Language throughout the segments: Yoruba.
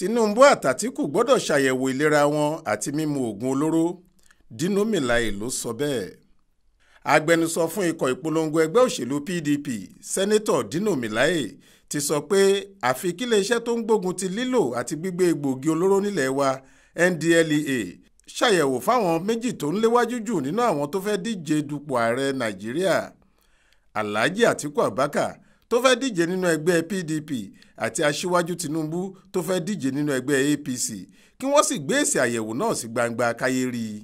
tinubu àtàtìkù gbọ́dọ̀ ṣàyẹ̀wò ìlera wọn àti mímu oògùn olóró dino melaye ló sọ bẹ́ẹ̀ agbẹnusọ fún ikọ̀ ìpolongo ẹgbẹ́ òṣèlú pdp sẹ́nẹ́tọ̀ dino melaye ti sọ pé àfi kíléeṣẹ́ tó ń gbógun ti lílò àti gbígbé egbòogi olóró nílẹ̀ wa ndlea ṣàyẹ̀wò fáwọn méjì tó ń léwájú jù nínú àwọn tó fẹ́ díje dupò ààrẹ nàìjíríà alhaji atiku abubakar tó fẹ́ díje nínú ẹgbẹ́ PDP àti aṣíwájú Tinubu tó fẹ́ díje nínú ẹgbẹ́ APC kí wọ́n sì gbé èsì àyẹ̀wò náà sí gbangba káyé rí i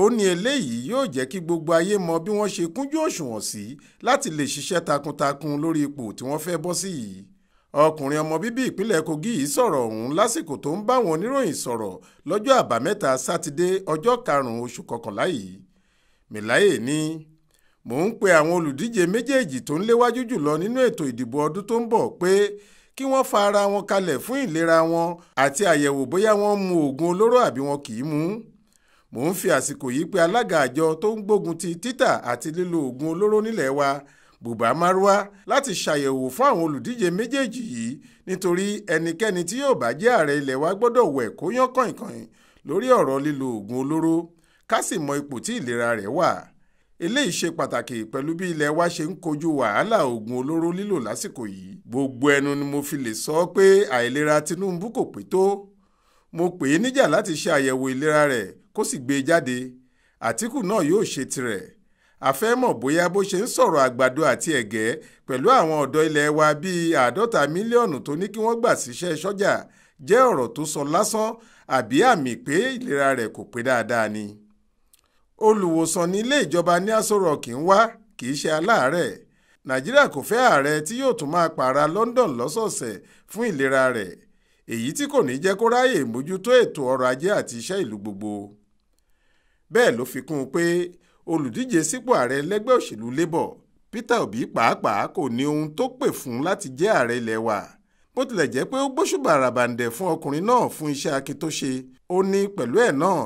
ó ní eléyìí yóò jẹ́ kí gbogbo ayé mọ bí wọ́n ṣe kúnjú òṣùwọ̀n sí láti lè ṣiṣẹ́ takuntakun lórí ipò tí wọ́n fẹ́ bọ́ sí yìí ọkùnrin ọmọ bíbí ìpínlẹ̀ Kogi yìí sọ̀rọ̀ ọ̀hún lásìkò tó ń báwọn oníròyìn sọ̀rọ̀ lọ́jọ́ àbámẹ́ta sátidé ọjọ́ karùn-ún oṣù kọkànlá yìí Mìláyè ní mò ń pe àwọn olùdíje méjèèjì tó ń léwájú jùlọ nínú ètò ìdìbò ọdún tó ń bọ̀ pé kí wọ́n fa ara wọn kalẹ̀ fún ìlera wọn àti àyẹ̀wò bóyá wọ́n mu oògùn olóró àbí wọn kì í mu mò ń fi àsìkò yìí pe alága àjọ tó ń gbógun ti títà àti lílo oògùn olóró nílẹ̀ wa Buba Marwa láti ṣàyẹ̀wò fún àwọn olùdíje méjèèjì yìí nítorí ẹnikẹ́ni tí yóò bá jẹ́ ààrẹ ilẹ̀ wa gbọ́dọ̀ wẹ̀ kó yán kàìnkàìn lórí ọ̀rọ̀ lílo oògùn olóró ká sì mọ ipò tí ìlera rẹ̀ wà eléyìí ṣe pàtàkì pẹ̀lú bí ilẹ̀ wa ṣe ń kojú wàhálà oògùn olóró lílò lásìkò yìí gbogbo ẹnu ni mo fi lè sọ pé àìlera Tinubu kò pé tó mo pè é níjà láti ṣe àyẹ̀wò ìlera rẹ̀ kó sì gbé e jáde Àtíkù náà yóò ṣe tirẹ̀ a fẹ́ mọ̀ bóyá bó ṣe ń sọ̀rọ̀ àgbàdo àti ẹ̀gẹ́ pẹ̀lú àwọn ọ̀dọ́ ilẹ̀ wa bíi àádọ́ta mílíọ̀nù tó ní kí wọ́n gbà síṣẹ́ sọ́jà jẹ́ ọ̀rọ̀ tó sọ lásán àbí àmì pé ìlera rẹ̀ kò pé dáadáa ni olùwòsàn nílé ìjọba ní aṣọ rock ń wá kì ṣe aláàárẹ̀ nàìjíríà kò fẹ́ ààrẹ tí yóò tún máa pààrà london lọ́sọ̀ọ̀sẹ̀ fún ìlera rẹ̀ èyí tí kò ní jẹ́ kó ráyè mójútó ètò ọrọ̀ ajé àti iṣẹ́ ìlú gbogbo bẹ́ẹ̀ ló fi kún un pé olùdíje sípò ààrẹ lẹ́gbẹ́ òṣèlú labour peter obi pàápàá kò ní ohun tó pè fún láti jẹ́ ààrẹ ilẹ̀ wa bó tilẹ̀ jẹ́ pé ó gbóṣùbà ràbàǹdẹ̀ fún ọkùnrin náà fún iṣẹ́ akin tó ṣe ó ní pẹ̀lú ẹ̀ náà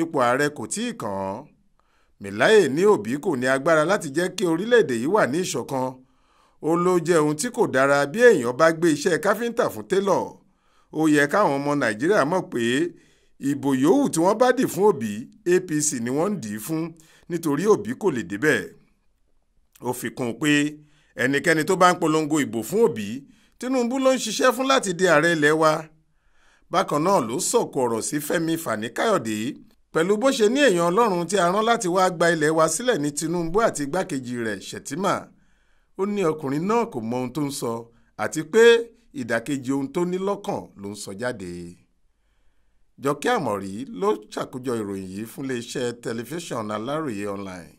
ipò ààrẹ kò tíì kàn án Mìláyè ní Obi kò ní agbára láti jẹ́ kí orílẹ̀-èdè yìí wà ní ìṣọ̀kan ó ló jẹ́ ohun tí kò dára bí èèyàn bá gbé iṣẹ́ káfíńtà fún télọ̀ ó yẹ káwọn ọmọ Nàìjíríà mọ̀ pé ìbò yòówù tí wọ́n bá dì fún Obi APC ni wọ́n ń dì í fún nítorí Obi kò lè débẹ̀ ó fi kún un pé ẹnikẹ́ni tó bá ń polongo ìbò fún Obi Tinubu ló ń ṣiṣẹ́ fún láti di ààrẹ ilẹ̀ wa bákan náà ló sọ̀kò ọ̀rọ̀ sí Fẹ́mi Fani Káyọ̀dé pẹ̀lú bó ṣe ní èèyàn ọlọ́run tí a rán láti wáá gba ilẹ̀ wa sílẹ̀ ní Tinubu àti igbákejì rẹ̀ Shettima ó ní ọkùnrin náà kò mọ ohun tó ń sọ àti pé ìdàkejì ohun tó ní lọ́kàn ló ń sọ jáde Jọkẹ́ Àmọ̀rí ló ṣàkójọ ìròyìn yìí fún iléeṣẹ́ tẹlifíṣàn Aláròye online